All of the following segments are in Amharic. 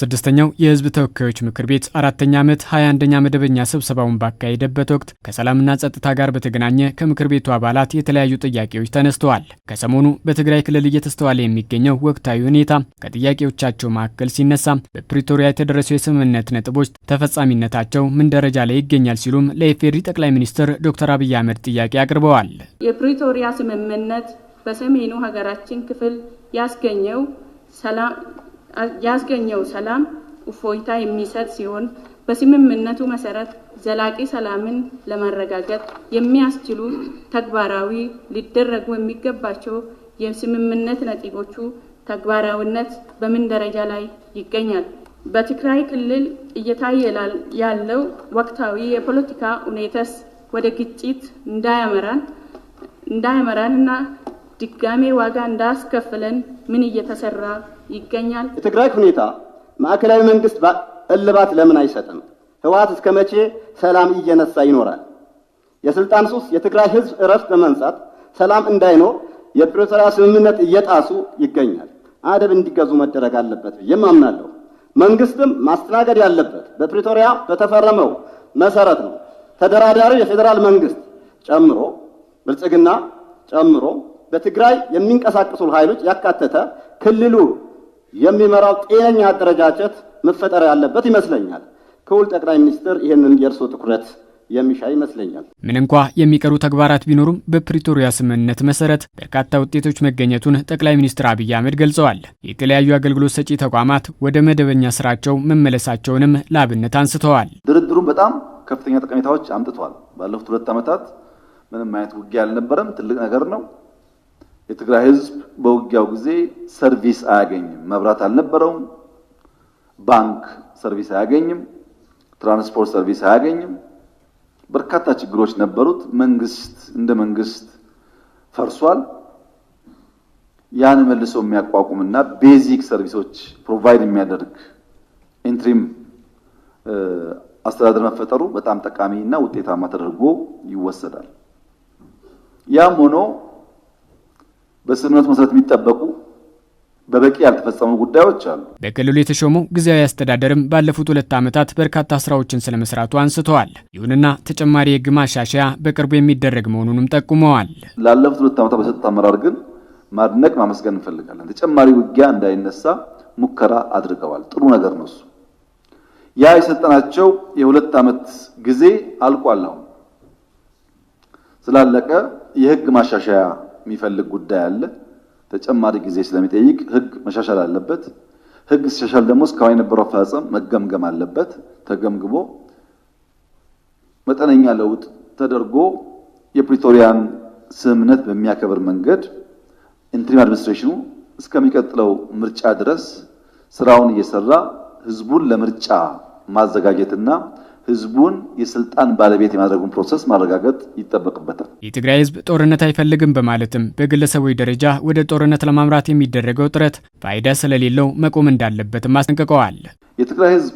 ስድስተኛው የህዝብ ተወካዮች ምክር ቤት አራተኛ ዓመት 21 አንደኛ መደበኛ ስብሰባውን ባካሄደበት ወቅት ከሰላምና ጸጥታ ጋር በተገናኘ ከምክር ቤቱ አባላት የተለያዩ ጥያቄዎች ተነስተዋል። ከሰሞኑ በትግራይ ክልል እየተስተዋለ የሚገኘው ወቅታዊ ሁኔታ ከጥያቄዎቻቸው መካከል ሲነሳ በፕሪቶሪያ የተደረሰው የስምምነት ነጥቦች ተፈጻሚነታቸው ምን ደረጃ ላይ ይገኛል ሲሉም ለኢፌዴሪ ጠቅላይ ሚኒስትር ዶክተር አብይ አህመድ ጥያቄ አቅርበዋል። የፕሪቶሪያ ስምምነት በሰሜኑ ሀገራችን ክፍል ያስገኘው ያስገኘው ሰላም እፎይታ የሚሰጥ ሲሆን በስምምነቱ መሰረት ዘላቂ ሰላምን ለማረጋገጥ የሚያስችሉ ተግባራዊ ሊደረጉ የሚገባቸው የስምምነት ነጥቦቹ ተግባራዊነት በምን ደረጃ ላይ ይገኛል? በትግራይ ክልል እየታየ ያለው ወቅታዊ የፖለቲካ ሁኔታስ ወደ ግጭት እንዳያመራን እንዳያመራንና ድጋሜ ዋጋ እንዳያስከፍለን ምን እየተሰራ ይገኛል። የትግራይ ሁኔታ ማዕከላዊ መንግስት እልባት ለምን አይሰጥም? ህወሓት እስከ መቼ ሰላም እየነሳ ይኖራል? የስልጣን ሱስ የትግራይ ህዝብ እረፍት በመንሳት ሰላም እንዳይኖር የፕሪቶሪያ ስምምነት እየጣሱ ይገኛል። አደብ እንዲገዙ መደረግ አለበት ብዬም አምናለሁ። መንግስትም ማስተናገድ ያለበት በፕሪቶሪያ በተፈረመው መሰረት ነው። ተደራዳሪው የፌዴራል መንግስት ጨምሮ ብልጽግና ጨምሮ በትግራይ የሚንቀሳቀሱ ኃይሎች ያካተተ ክልሉ የሚመራው ጤነኛ አደረጃጀት መፈጠር ያለበት ይመስለኛል። ክቡር ጠቅላይ ሚኒስትር ይህንን የእርስዎ ትኩረት የሚሻ ይመስለኛል። ምን እንኳ የሚቀሩ ተግባራት ቢኖሩም በፕሪቶሪያ ስምምነት መሰረት በርካታ ውጤቶች መገኘቱን ጠቅላይ ሚኒስትር አብይ አህመድ ገልጸዋል። የተለያዩ አገልግሎት ሰጪ ተቋማት ወደ መደበኛ ስራቸው መመለሳቸውንም ለአብነት አንስተዋል። ድርድሩም በጣም ከፍተኛ ጠቀሜታዎች አምጥቷል። ባለፉት ሁለት ዓመታት ምንም አይነት ውጊያ አልነበረም። ትልቅ ነገር ነው። የትግራይ ህዝብ በውጊያው ጊዜ ሰርቪስ አያገኝም። መብራት አልነበረውም። ባንክ ሰርቪስ አያገኝም። ትራንስፖርት ሰርቪስ አያገኝም። በርካታ ችግሮች ነበሩት። መንግስት እንደ መንግስት ፈርሷል። ያን መልሶ የሚያቋቁምና ቤዚክ ሰርቪሶች ፕሮቫይድ የሚያደርግ ኢንትሪም አስተዳደር መፈጠሩ በጣም ጠቃሚ እና ውጤታማ ተደርጎ ይወሰዳል። ያም ሆኖ በስምምነቱ መሰረት የሚጠበቁ በበቂ ያልተፈጸሙ ጉዳዮች አሉ። በክልሉ የተሾመው ጊዜያዊ አስተዳደርም ባለፉት ሁለት ዓመታት በርካታ ስራዎችን ስለመስራቱ አንስተዋል። ይሁንና ተጨማሪ የህግ ማሻሻያ በቅርቡ የሚደረግ መሆኑንም ጠቁመዋል። ላለፉት ሁለት ዓመታት በሰጡት አመራር ግን ማድነቅ ማመስገን እንፈልጋለን። ተጨማሪ ውጊያ እንዳይነሳ ሙከራ አድርገዋል። ጥሩ ነገር ነው እሱ። ያ የሰጠናቸው የሁለት ዓመት ጊዜ አልቋል። አሁን ስላለቀ የህግ ማሻሻያ የሚፈልግ ጉዳይ አለ። ተጨማሪ ጊዜ ስለሚጠይቅ ህግ መሻሻል አለበት። ህግ ሲሻሻል ደግሞ እስካሁን የነበረው አፈጻጸም መገምገም አለበት። ተገምግሞ መጠነኛ ለውጥ ተደርጎ የፕሪቶሪያን ስምምነት በሚያከብር መንገድ ኢንትሪም አድሚኒስትሬሽኑ እስከሚቀጥለው ምርጫ ድረስ ስራውን እየሰራ ህዝቡን ለምርጫ ማዘጋጀትና ህዝቡን የስልጣን ባለቤት የማድረጉን ፕሮሰስ ማረጋገጥ ይጠበቅበታል። የትግራይ ህዝብ ጦርነት አይፈልግም በማለትም በግለሰቦች ደረጃ ወደ ጦርነት ለማምራት የሚደረገው ጥረት ፋይዳ ስለሌለው መቆም እንዳለበትም አስጠንቅቀዋል። የትግራይ ህዝብ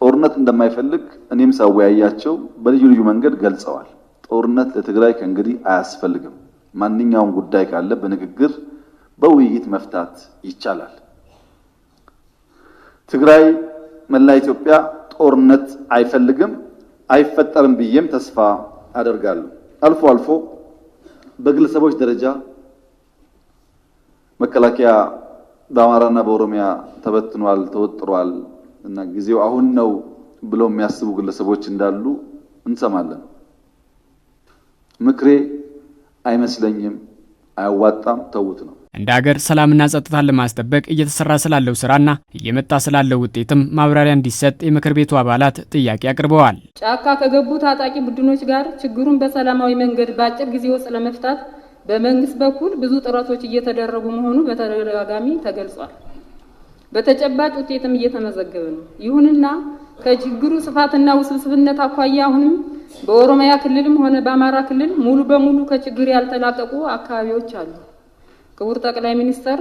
ጦርነት እንደማይፈልግ እኔም ሳወያያቸው በልዩ ልዩ መንገድ ገልጸዋል። ጦርነት ለትግራይ ከእንግዲህ አያስፈልግም። ማንኛውም ጉዳይ ካለ በንግግር በውይይት መፍታት ይቻላል። ትግራይ መላ ኢትዮጵያ ጦርነት አይፈልግም አይፈጠርም ብዬም ተስፋ አደርጋለሁ። አልፎ አልፎ በግለሰቦች ደረጃ መከላከያ በአማራና በኦሮሚያ ተበትኗል፣ ተወጥሯል እና ጊዜው አሁን ነው ብለው የሚያስቡ ግለሰቦች እንዳሉ እንሰማለን። ምክሬ አይመስለኝም፣ አያዋጣም፣ ተዉት ነው። እንደ አገር ሰላምና ጸጥታን ለማስጠበቅ እየተሰራ ስላለው ስራና እየመጣ ስላለው ውጤትም ማብራሪያ እንዲሰጥ የምክር ቤቱ አባላት ጥያቄ አቅርበዋል። ጫካ ከገቡ ታጣቂ ቡድኖች ጋር ችግሩን በሰላማዊ መንገድ በአጭር ጊዜ ውስጥ ለመፍታት በመንግስት በኩል ብዙ ጥረቶች እየተደረጉ መሆኑ በተደጋጋሚ ተገልጿል። በተጨባጭ ውጤትም እየተመዘገበ ነው። ይሁንና ከችግሩ ስፋትና ውስብስብነት አኳያ አሁንም በኦሮሚያ ክልልም ሆነ በአማራ ክልል ሙሉ በሙሉ ከችግር ያልተላቀቁ አካባቢዎች አሉ። ክቡር ጠቅላይ ሚኒስተር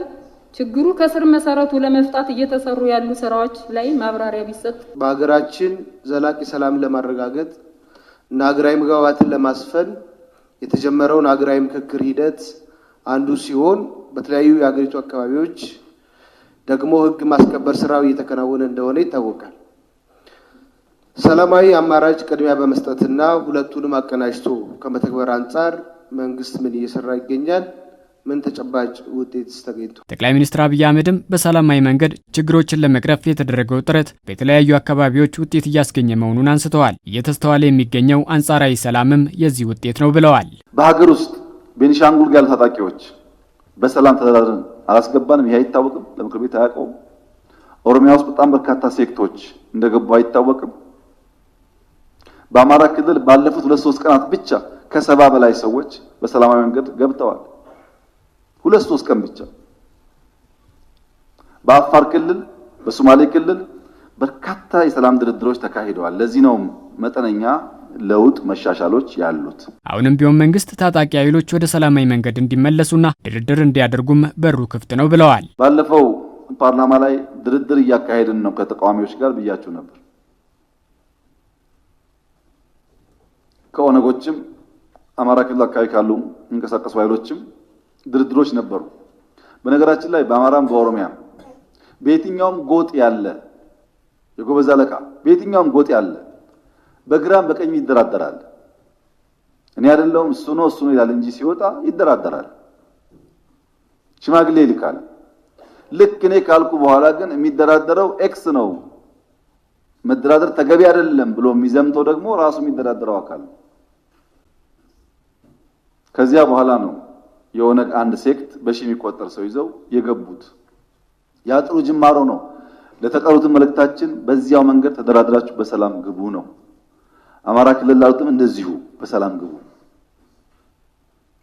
ችግሩ ከስር መሰረቱ ለመፍታት እየተሰሩ ያሉ ስራዎች ላይ ማብራሪያ ቢሰጥ። በሀገራችን ዘላቂ ሰላምን ለማረጋገጥ እና ሀገራዊ መግባባትን ለማስፈን የተጀመረውን ሀገራዊ ምክክር ሂደት አንዱ ሲሆን በተለያዩ የሀገሪቱ አካባቢዎች ደግሞ ህግ ማስከበር ስራው እየተከናወነ እንደሆነ ይታወቃል። ሰላማዊ አማራጭ ቅድሚያ በመስጠትና ሁለቱንም አቀናጅቶ ከመተግበር አንጻር መንግስት ምን እየሰራ ይገኛል? ምን ተጨባጭ ውጤት ተገኝቶ ጠቅላይ ሚኒስትር አብይ አህመድም በሰላማዊ መንገድ ችግሮችን ለመቅረፍ የተደረገው ጥረት በተለያዩ አካባቢዎች ውጤት እያስገኘ መሆኑን አንስተዋል። እየተስተዋለ የሚገኘው አንጻራዊ ሰላምም የዚህ ውጤት ነው ብለዋል። በሀገር ውስጥ ቤኒሻንጉል ጋያሉ ታጣቂዎች በሰላም ተደራድረን አላስገባንም። ይህ አይታወቅም፣ ለምክር ቤት አያውቀውም። ኦሮሚያ ውስጥ በጣም በርካታ ሴክቶች እንደገቡ አይታወቅም። በአማራ ክልል ባለፉት ሁለት ሶስት ቀናት ብቻ ከሰባ በላይ ሰዎች በሰላማዊ መንገድ ገብተዋል። ሁለት ሶስት ቀን ብቻ በአፋር ክልል፣ በሶማሌ ክልል በርካታ የሰላም ድርድሮች ተካሂደዋል። ለዚህ ነው መጠነኛ ለውጥ መሻሻሎች ያሉት። አሁንም ቢሆን መንግስት ታጣቂ ኃይሎች ወደ ሰላማዊ መንገድ እንዲመለሱና ድርድር እንዲያደርጉም በሩ ክፍት ነው ብለዋል። ባለፈው ፓርላማ ላይ ድርድር እያካሄድን ነው ከተቃዋሚዎች ጋር ብያችሁ ነበር። ከኦነጎችም አማራ ክልል አካባቢ ካሉ የሚንቀሳቀሱ ኃይሎችም ድርድሮች ነበሩ። በነገራችን ላይ በአማራም በኦሮሚያም በየትኛውም ጎጥ ያለ የጎበዝ አለቃ በየትኛውም ጎጥ ያለ በግራም በቀኝ ይደራደራል። እኔ አይደለሁም እሱ ነው እሱ ነው ይላል እንጂ ሲወጣ ይደራደራል፣ ሽማግሌ ይልካል። ልክ እኔ ካልኩ በኋላ ግን የሚደራደረው ኤክስ ነው መደራደር ተገቢ አይደለም ብሎ የሚዘምተው ደግሞ ራሱ የሚደራደረው አካል ነው። ከዚያ በኋላ ነው የኦነግ አንድ ሴክት በሺ የሚቆጠር ሰው ይዘው የገቡት ያ ጥሩ ጅማሮ ነው። ለተቀሩትም መልእክታችን በዚያው መንገድ ተደራድራችሁ በሰላም ግቡ ነው። አማራ ክልል ላሉትም እንደዚሁ በሰላም ግቡ።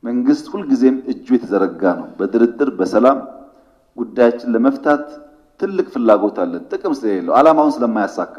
መንግስት ሁልጊዜም እጁ የተዘረጋ ነው። በድርድር በሰላም ጉዳያችን ለመፍታት ትልቅ ፍላጎት አለን። ጥቅም ስለሌለው አላማውን ስለማያሳካ